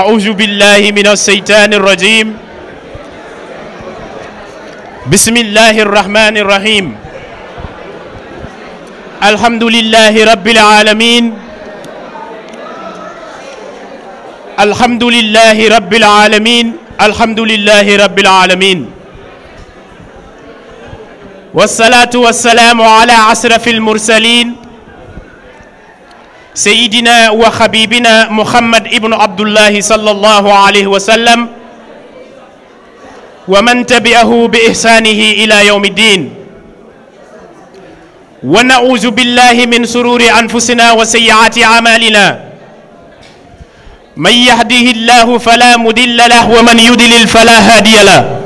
أعوذ بالله من الشيطان الرجيم بسم الله الرحمن الرحيم الحمد لله رب العالمين الحمد لله رب العالمين الحمد لله رب العالمين والصلاة والسلام على أشرف المرسلين سيدنا وحبيبنا محمد ابن عبد الله صلى الله عليه وسلم ومن تبعه بإحسانه إلى يوم الدين ونعوذ بالله من سرور أنفسنا وسيئات أعمالنا من يهده الله فلا مدل له ومن يدلل فلا هادي له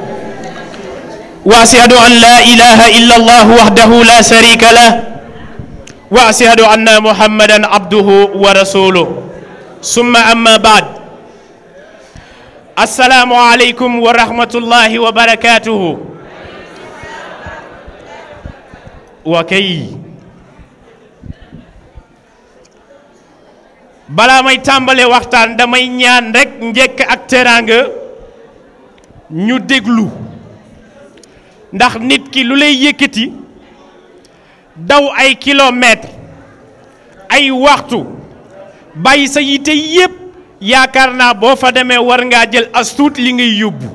وأشهد أن لا إله إلا الله وحده لا شريك له wa ashhadu anna muhammadan abduhu wa rasuluhu summa amma baad assalaamu aleykum wa rahmatullahi wa barakatuhu wa kay balaa may tàmbale waxtaan damay ñaan rekk njëkk ak teraanga ñu déglu ndax nit ki lu lay yëkkati daw ay kilomètres ay waxtu bàyyi sa yite yépp yaakaar naa boo fa demee war ngaa jël astuut li ngay yóbbu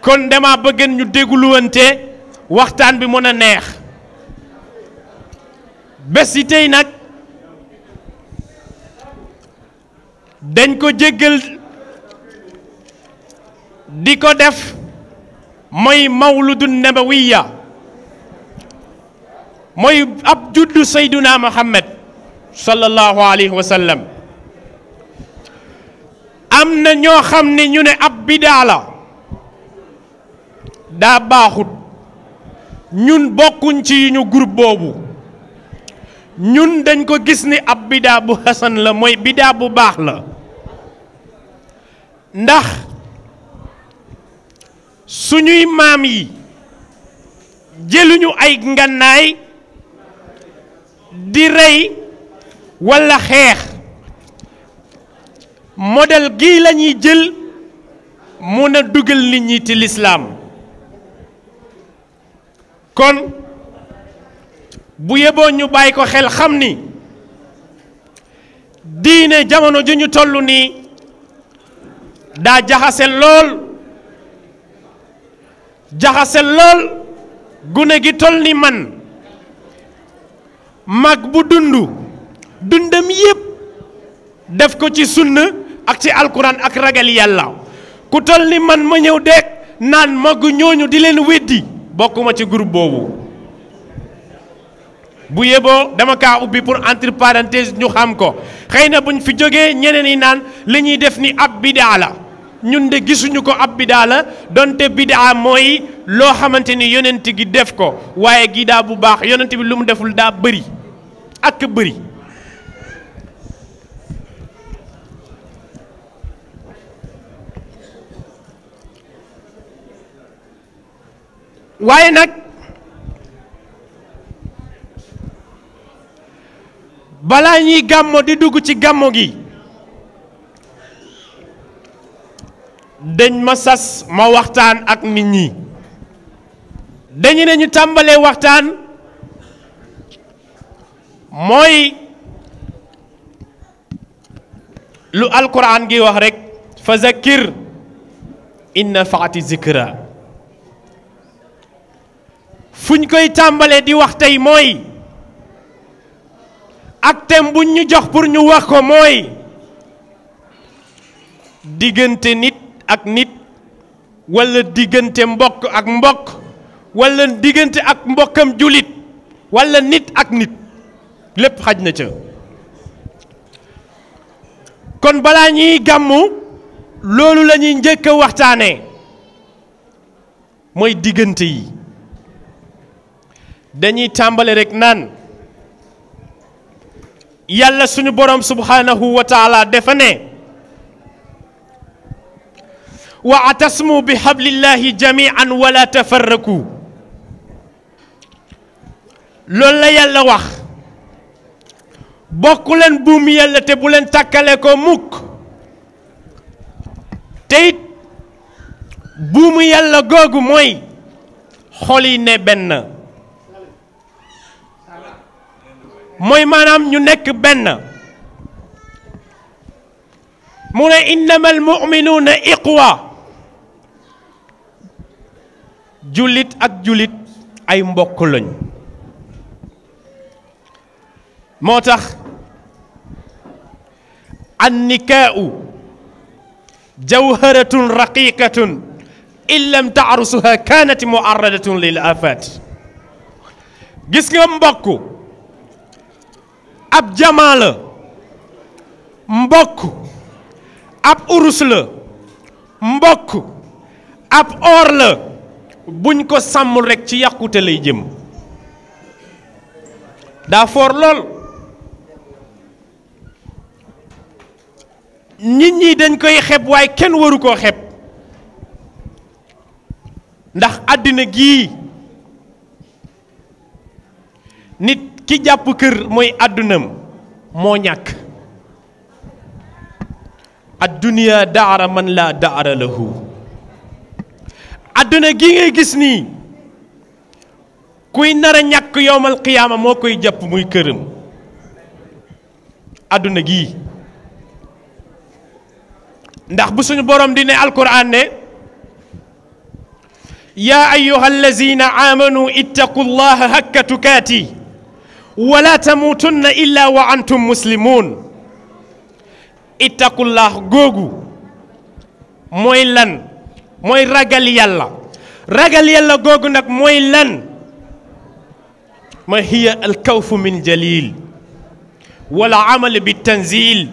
kon dama bëgg ñu dégluwante waxtaan bi mën a neex bés yi tey nag dañ ko jéggal di ko def mooy mawludun nabawiya mooy ab juddu sayduna muhammad sallallahu alayhi am na ñoo xam ne ñu ne ab bidaa la daa baaxut ñun bokkuñ ci ñu groupe boobu ñun dañ ko gis ni ab bidaa bu xasan la mooy bidaa bu baax la ndax suñuy maam yi jëluñu ay ngannaay di rey walla xeex modèle gii la jël mun a dugal nit ñi ci lislaam kon bu yeboo ñu bàyyi ko xel xam ni diine jamono ju ñu toll nii daa jaxase lool jaxase lool gune gi toll ni man mag bu dund dundam yépp def ko ci sunna ak ci alquran ak ragal yàlla ku toll ni man ma ñëw de naan magu ñooñu di leen weddi bokkuma ci groupe boobu bu yeboo dama kaa ubbi pour entre parenthèse ñu xam ko xëy na buñ fi jógee ñeneen yi naan li ñuy def ni ab bidaa la ñun de gisuñu ko ab bidaa la donte bidaa mooy loo xamante ni yonent gi def ko waaye gi daa bu baax yonent bi lu mu deful daa bari ak bëri waaye nag bala ñuy gàmmoo di dugg ci gàmmo gi dañ ma sas ma waxtaan ak nit ñi dañu ne ñu tàmbalee waxtaan mooy lu alquran gi wax rekk fa zakkir in nafaati zikra fu ñu koy tàmbalee di wax tey mooy ak thème buñ ñu jox pour ñu wax ko mooy diggante nit ak nit walla diggante mbokk ak mbokk walla diggante ak mbokkam jullit walla nit ak nit lépp xaj na ca kon bala ñuy gàmmu loolu lañuy njëkk a waxtaanee mooy diggante yi dañuy tàmbali rekk naan yàlla suñu borom subhanahu wa taala dafa ne wa atasmu bi hablillahi jamian wala tafarraku loolu la yàlla wax bokk buum yàlla te bu leen tàkkale ko mukk te it yàlla googu mooy xol benn mooy maanaam ñu nekk benn mu ne innama almuminuuna iqwa jullit ak jullit ay mbokk lañ moo tax annikaau jawharatun raqiqatun in lam taarusuha kaanat muarradatun lil afaat gis nga mbokk ab jamaa la mbokk ab urus la mbokk ab or la buñ ko sàmmul rekk ci yàqute lay jëm daa foor lool nit ñi dañ koy xeb waaye kenn waru koo xeb ndax àdduna gii nit ki jàpp kër mooy àddunam moo ñàkk adduniya daara man laa daara àdduna gi ngay gis nii kuy nar a ñàkk yowmal qiyaama moo koy jàpp muy këram àdduna gii ndax bu suñu borom di ne alquran ne yaa ayuha allazina amanu ittaqu llaha hakka tukaati wala tamuutunna illa wa antum muslimun ittaqullah googu mooy lan mooy ragal yàlla ragal yàlla googu nag mooy lan ma hiya alkawfu min jalil wala amal bi tanzil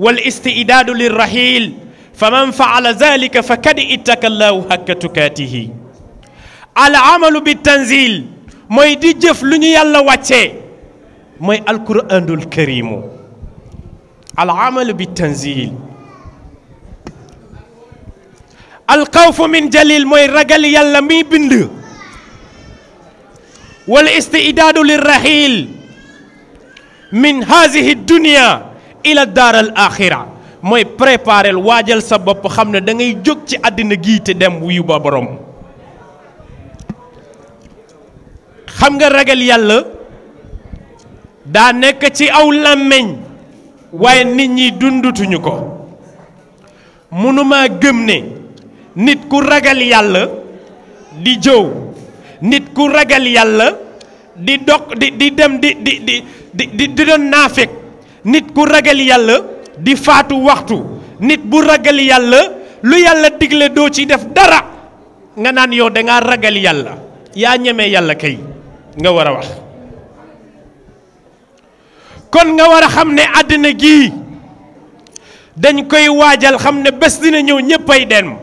wal isti'daadu lirrahil fa man faala zalika fa kad ittaka llaahu hakka tukaatihi al amalu bi tanzil mooy di jëf lu ñu yàlla wàccee mooy alquranul karimu al amalu bi tanzil alxawfu min jalil mooy ragal yàlla miy bind wal isti'daadu lirrahil min hazihi dunia ila daaral axira mooy préparel waajal sa bopp xam ne dangay jóg ci àddina gii te dem wuyu ba borom xam nga ragal yàlla daa nekk ci aw làmmiñ waaye nit ñi dundutuñu ko mënuma gëm ne nit ku ragal yàlla di jëw nit ku ragal yàlla di dog di di dem di di di di di doon naafek nit ku ragal yàlla di faatu waxtu nit bu ragal yàlla lu yàlla digle doo ci def dara nga naan yow danga ragal yàlla yaa ñeme yàlla kay nga war a wax kon nga war a xam ne àddina gii dañ koy waajal xam ne bés dina ñëw ñéppay dem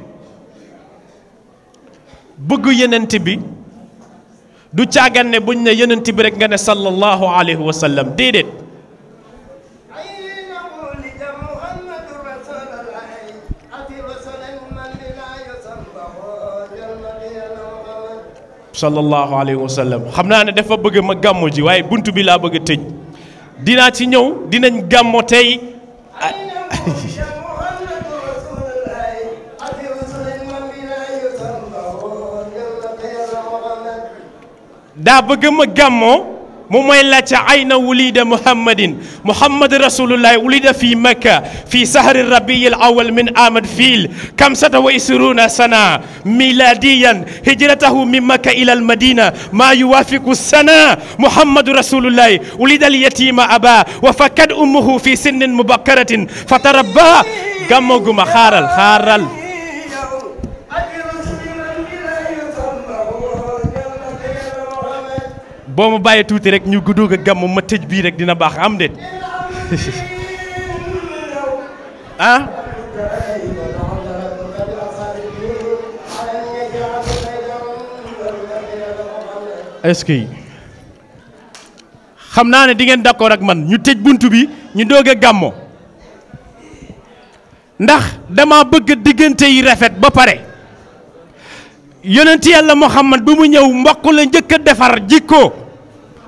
bëgg yenent bi du càggan ne buñ ne yenent bi rek nga ne sallallahu alayhi wa sallam déedéet sallallahu alayhi wa xam naa ne dafa bëgg ma gàmmo ji waaye bunt bi laa bëgg a tëj dinaa ci ñëw dinañ gàmmoo tey daa bëgg ma gàmmoo moom mooy laajte ayna wulida muhammadin muhammad rasulullahi wulida fi makka fi sahri rabiil awal min amad fiil kamsata wa isruna sana miladiyan hijratahu min makka ila almadina ma yuwafiqu sana muhammadu rasulullahi wulida alyatima aba wa fakkat ummuhu fi sinnin mubakaratin fatarabba gàmmaguma xaaral xaaral boo ma bàyyee tuuti rek ñu guddug a gàmm ma tëj bii rek dina baax am de ah xam naa ne dingeen ngeen d'accord ak man ñu tëj bunt bi ñu doog a gàmmo ndax dama bëgg diggante yi rafet ba pare yonent yàlla Muhammad bu mu ñëw mbokk la njëkk defar jikko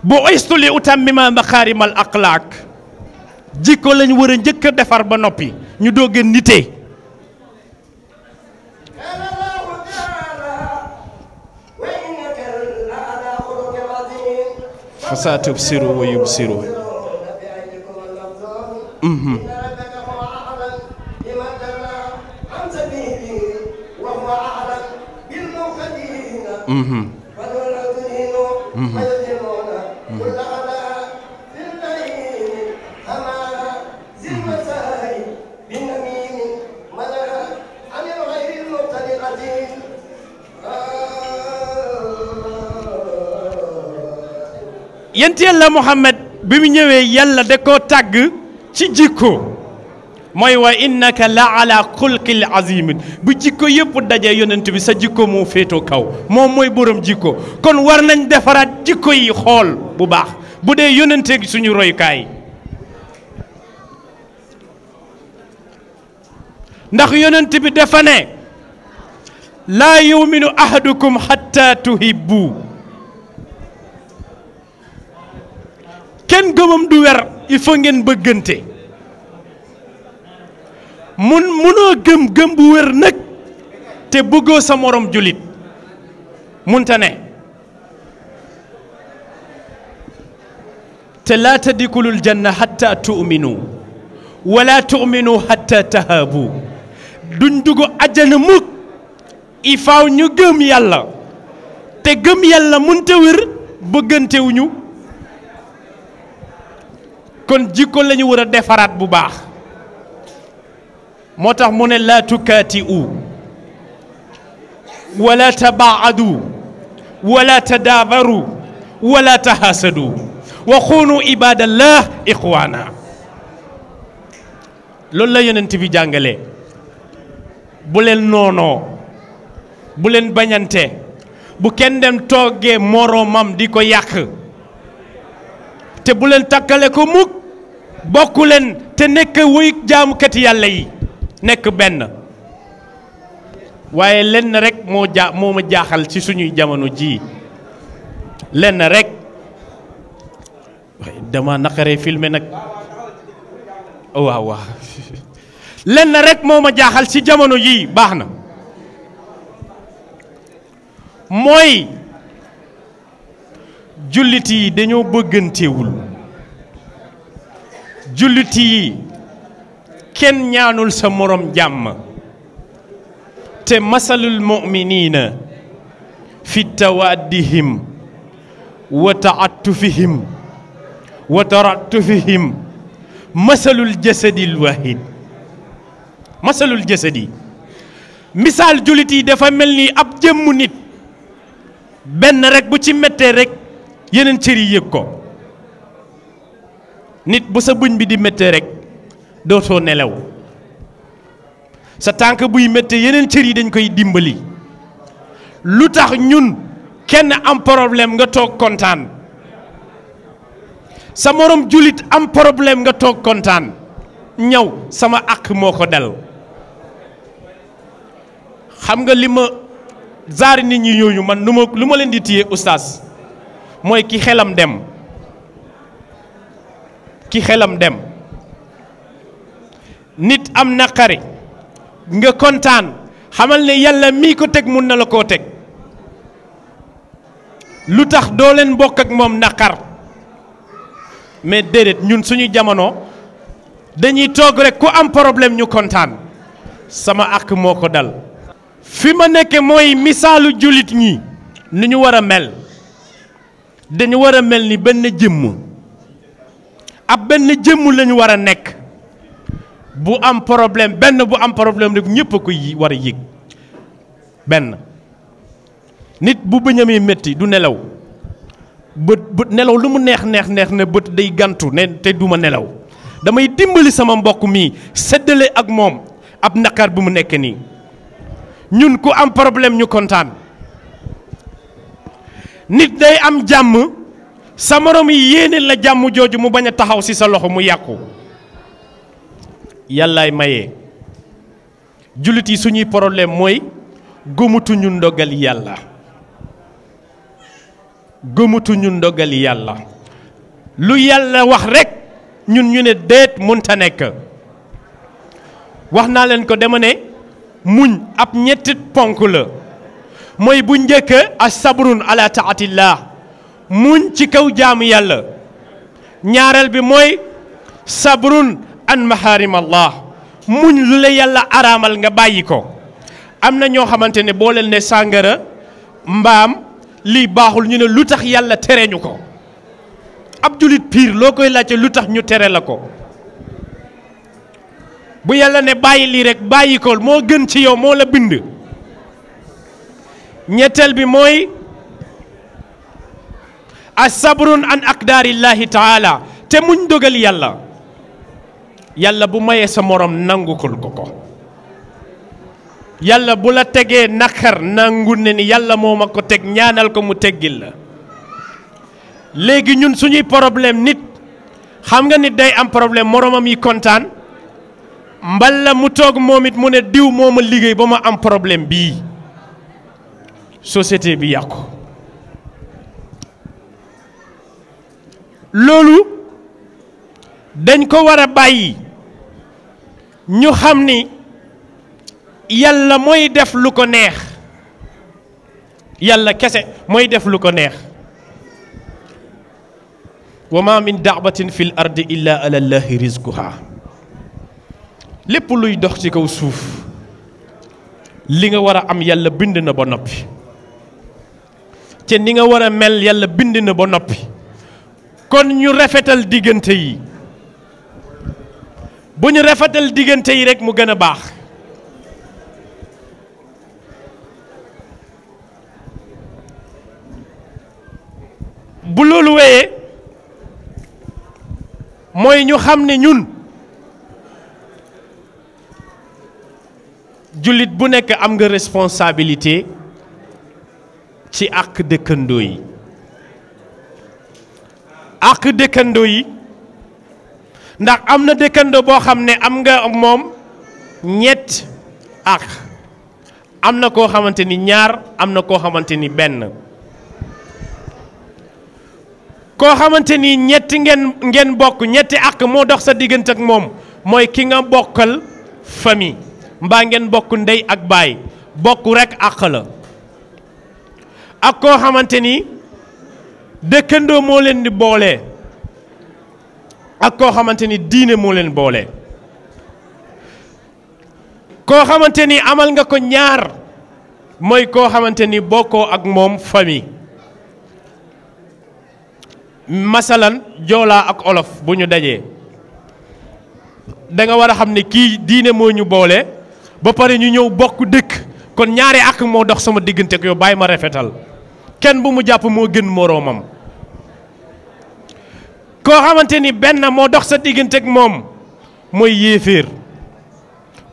bu istu li utammima maxaarimal axlaaq jikko lañ war a njëkk a defar ba noppi ñu dooge nitee fa saa tubsiru wa yubsiru mm-hmm. Mm-hmm. yent yàlla Muhammad bi mu ñëwee yàlla da ko tàgg ci jikko mooy wa innaka la ala xulqil azimin bu jikko yëpp dajee yonent bi sa jikko moo féetoo kaw moom mooy borom jikko kon war nañ defaraat jikko yi xool bu baax bu dee yonenteeg suñu royukaay ndax yonent bi dafa ne laa yuminu ahadukum hatta kenn gëmam du wer il faut ngeen bëggante mun munoo gëm gëm bu wér nag te bëggoo sa morom jullit munta ne te laa taddikulul janna xatta tu'minu wala tu'minu xatta tahaabu duñ dugg àjjana mukk il faut ñu gëm yàlla te gëm yàlla munta wér bëggantewuñu kon jikko lañu war a defaraat bu baax moo tax mu ne laa tukaati u wala tabaadu wala tadaabaru wala tahaasadu wa xuunu ibadallah ixwaana loolu la yonent bi jàngale bu leen noonoo bu leen bañante bu kenn dem toogee moroomam di ko yàq te bu leen takkale ko mukk bokk leen te nekk wuy jaamukati yàlla yi nekk benn waaye lenn rek moo jaa moo ma jaaxal ci suñuy jamono jii lenn rekk dama naqaree filmer nag oh, waaw waaw lenn rek moo ma jaaxal ci jamono yii baax na mooy jullit yi dañoo bëggantewul jullit yi kenn ñaanul sa moroom jàmm te masalul mu'minina fi tawaddihim wa ta'attufihim wa tarattufihim masalul jasadil wahid masalul jasadi misaal jullit yi dafa mel ni ab jëmmu nit benn rekk bu ci méttee rek yeneen cër yi yëg ko nit bu sa buñ bi di méttee rek dootoo nelaw sa tànk buy mette yeneen cër yi dañ koy dimbali lu tax ñun kenn am problème nga toog kontaan sa moroom jullit am problème nga toog kontaan ñaw sama àq moo ko dal xam nga li ma zaari nit ñi yooyu man lu ma lu ma leen di tiye oustaz mooy ki xelam dem ki xelam dem nit am naqari nga kontaan xamal ne yàlla mii ko teg mun na la koo teg lu tax doo leen bokk ak moom naqar mais déedéet ñun suñu jamono dañuy toog rek ku am problème ñu kontaan sama ak moo ko dal fi ma nekk mooy misaalu jullit ñi ni ñu war a mel dañu war a mel ni benn jëmm ab benn jëmm lañu war a nekk bu am problème benn bu am problème rek ñëpp a ko war a yëg benn nit bu bëñamee métti du nelaw bët bët nelaw lu mu neex neex neex ne bët day gantu ne te duma nelaw damay dimbali sama mbokk mi seddale ak moom ab naqar bu mu nekk nii ñun ku am problème ñu kontaan nit day am jàmm sa morom yi yéene la jàmm jooju mu bañ a taxaw ci sa loxo mu yàqu yàllaay maye jullit yi suñuy problème mooy gëmutuñu ndogal yàlla gëmutuñu ndogal yàlla lu yàlla wax rekk ñun ñu ne déet mënta nekk wax naa leen ko dema ne muñ ab ñetti ponk la mooy bu njëkk a sabrun ala taatillah muñ ci kaw jaamu yàlla ñaareel bi mooy sabrun an maharim allah muñ lu la yàlla araamal nga bàyyi ko am na ñoo xamante ne boo leen ne sàngara mbaam lii baaxul ñu ne lu tax yàlla tere ko ab julit piir loo koy laajte lu tax ñu tere la ko bu yàlla ne bàyyi lii rek bàyyi ko moo gën ci yow moo la bind ñetteel bi mooy a asabrun an aqdaarillahi taala te muñ dogal yàlla yàlla bu mayee sa moroom nangukul ko ko yàlla bu la tegee naqar nangu ne ni yàlla moo ma ko teg ñaanal ko mu teggil la léegi ñun suñuy problème nit xam nga nit day am problème moroomam yi kontaan mbala mu toog moom it mu ne diw moo ma liggéey ba ma am problème bii société bi yàqu loolu dañ ko war a bàyyi ñu xam ni yàlla mooy def lu ko neex yàlla kese mooy def lu ko neex wa ma min daabatin fi l ardi illa ala llahi rizquha lépp luy dox ci kaw suuf li nga war a am yàlla bind na ba noppi te ni nga war a mel yàlla bind na ba noppi kon ñu rafetal diggante yi bu ñu rafetal diggante yi rekk mu gën a baax bu loolu wéyee mooy ñu xam ne ñun jullit bu nekk am nga responsabilité ci àq dëkkandoo yi ak dëkkandoo yi ndax am na dëkkandoo boo xam ne am nga moom ñett àq am na koo xamante ni ñaar am na koo xamante ni benn koo xamante ni ñetti ngeen ngeen bokk ñetti ak moo dox sa diggante ak moom mooy ki nga bokkal famille mbaa ngeen bokk ndey ak baay bokk rekk àq la ak koo xamante ni dëkkandoo moo leen di boole ak koo xamante ni diine moo leen boole koo xamante ni amal nga ko ñaar mooy koo xamante ni bokkoo ak moom fami masalan joolaa ak olof bu ñu dajee danga war a xam ni kii diine moo ñu boole ba pare ñu ñëw bokk dëkk kon ñaari ak moo dox sama diggante ak yow bàyyi ma rafetal kenn bu mu jàpp moo gën moroomam koo xamante ni benn moo dox sa diggante ak moom mooy yéeféer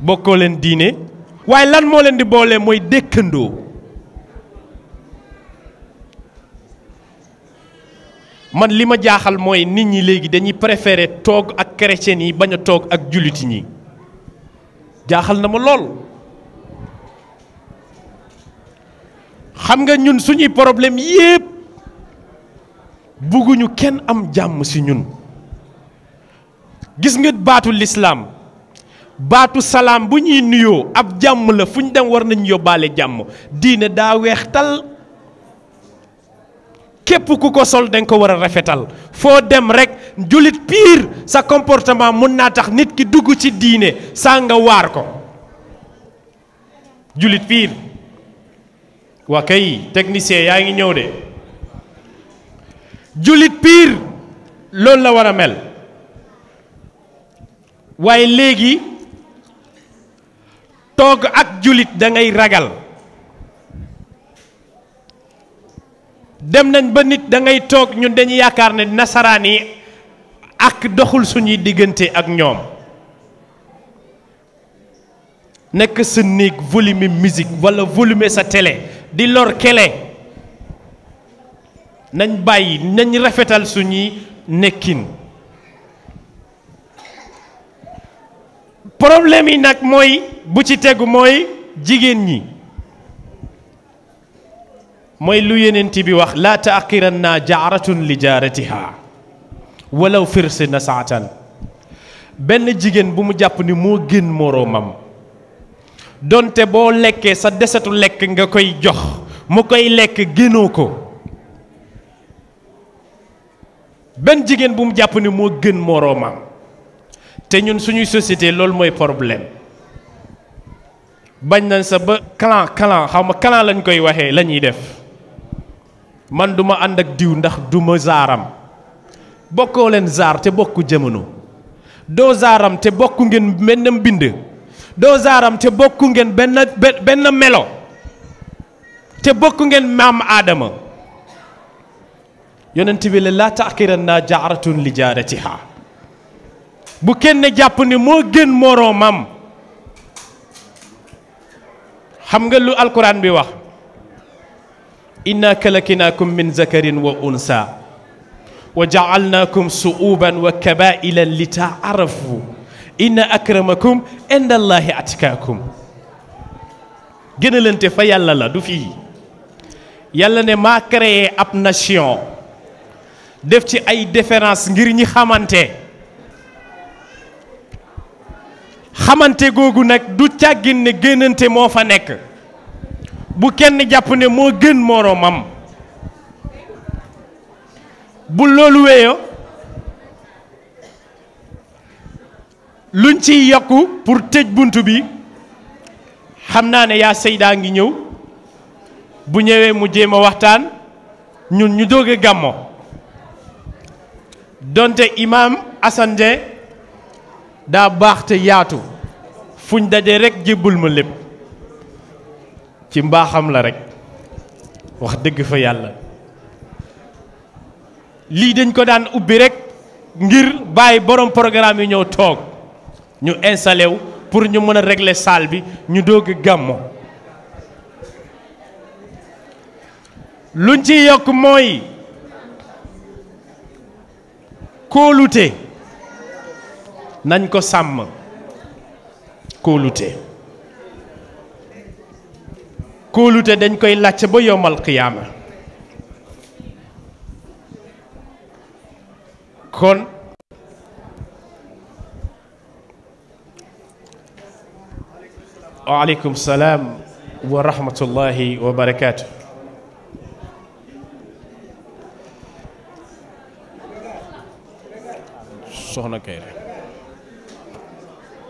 bokkoo leen diine waaye lan moo leen di boole mooy dëkkandoo man li ma jaaxal mooy nit ñi léegi dañuy préférer toog ak chrétien yi bañ a toog ak jullit ñi jaaxal na ma lool xam nga ñun suñuy problème yépp bëgguñu kenn am jàmm ci ñun gis nga baatu lislaam baatu salaam bu ñuy nuyoo ab jàmm la fu ñu dem war nañu yóbbaale jàmm diine daa weex tal képp ku ko sol danga ko war a rafetal foo dem rekk njulit pire sa comportement mën naa tax nit ki dugg ci diine saa nga waar ko jullit pire. waa kay technicien yaa ngi ñëw de jullit piir loolu la war a mel waaye léegi toog ak jullit da ngay ragal dem nañ ba nit da ngay toog ñun dañuy yaakaar ne nasaraan yi ak doxul suñuy diggante ak ñoom nekk sa néeg volume musique walla volume sa tele di lor kele nañ bàyyi nañ rafetal suñuy nekkin problème yi nag mooy bu ci tegu mooy jigéen ñi mooy lu yenent bi wax laa taaqiran naa jaaratun li jaaratiha walaw firsi na saataan benn jigéen bu mu jàpp ni moo gën moroomam doonte boo lekkee sa desetu lekk nga koy jox mu koy lekk génnoo ko benn jigéen bu mu jàpp ni moo gën moroomam te ñun suñuy société loolu mooy problème bañ nañ sa ba clan clan xaw ma clan lañ koy waxee lañuy def man duma ànd ak diw ndax duma saaram bokkoo leen zaar te bokku jamono doo zaaram te bokku ngeen mennam bind doo zaaram te bokku ngeen benn melo te bokku ngeen maam aadama yonent bi laa taakiran naa li jaaratiha bu kenn jàpp ni moo gën moroomam xam nga lu alquran bi wax inna kalakinaakum min zakarin wa unsa wa jaalnaakum suuban wa kabaailan li taarafu inna akramakum indallahi atkaakum gënalante fa yàlla la du fii yàlla ne maa créé ab nation def ci ay différence ngir ñi xamante xamante googu nag du càggin ne gënante moo fa nekk bu kenn jàpp ne moo gën moroomam bu loolu weyo luñ ciy yokku pour tëj bunt bi xam naa ne yaa Seydaa ngi ñëw bu ñëwee mu jéem a waxtaan ñun ñu doog a gàmmo donte imaam Assane daa baax te yaatu fuñ daje rek jébbul ma lépp ci mbaaxam la rek wax dëgg fa yàlla lii dañ ko daan ubbi rekk ngir bàyyi boroom programme yi ñëw toog. ñu installé wu pour ñu mën a régler salle bi ñu doog gàmmu luñ ci yokk mooy kóolute nañ ko sàmm kóolute kóolute dañ koy làcc ba yomal qiyaama kon waaleykum salaam wa rahmatullahi wa barakaatu.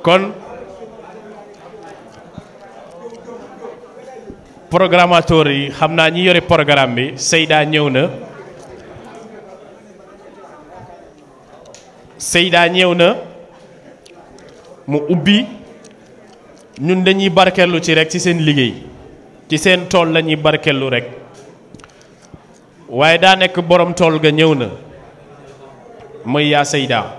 kon programmateur yi xam naa ñi yore programme bi seydaa ñëw na seydaa ñëw na mu ubbi ñun dañuy barkellu ci rek ci seen liggéey ci seen tool lañuy ñuy barkellu rek waaye daa nekk boroom tool ga ñëw na mooy yaa sayda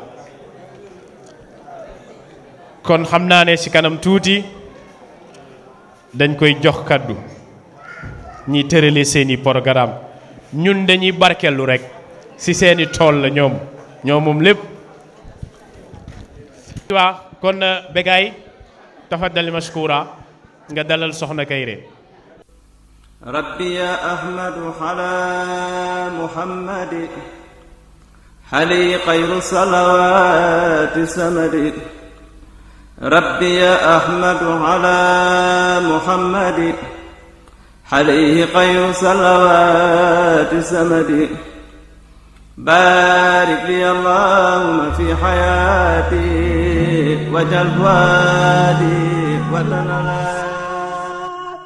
kon xam naa ne ci kanam tuuti dañ koy jox kàddu ñi tërale seeni programme ñun dañuy barkellu rekk ci seeni tool la ñoom ñoom lépp waa kon euh, Bécaye tafaddal mashkura nga dalal soxna Kayre rabbi ya ahmadu ala muhammadi xali xayru salawaati samadi rabbi ya ahmadu ala muhammadi xali xayru salawaati samadi baarik li allahuma fi xayaati وجل وادي وتنلى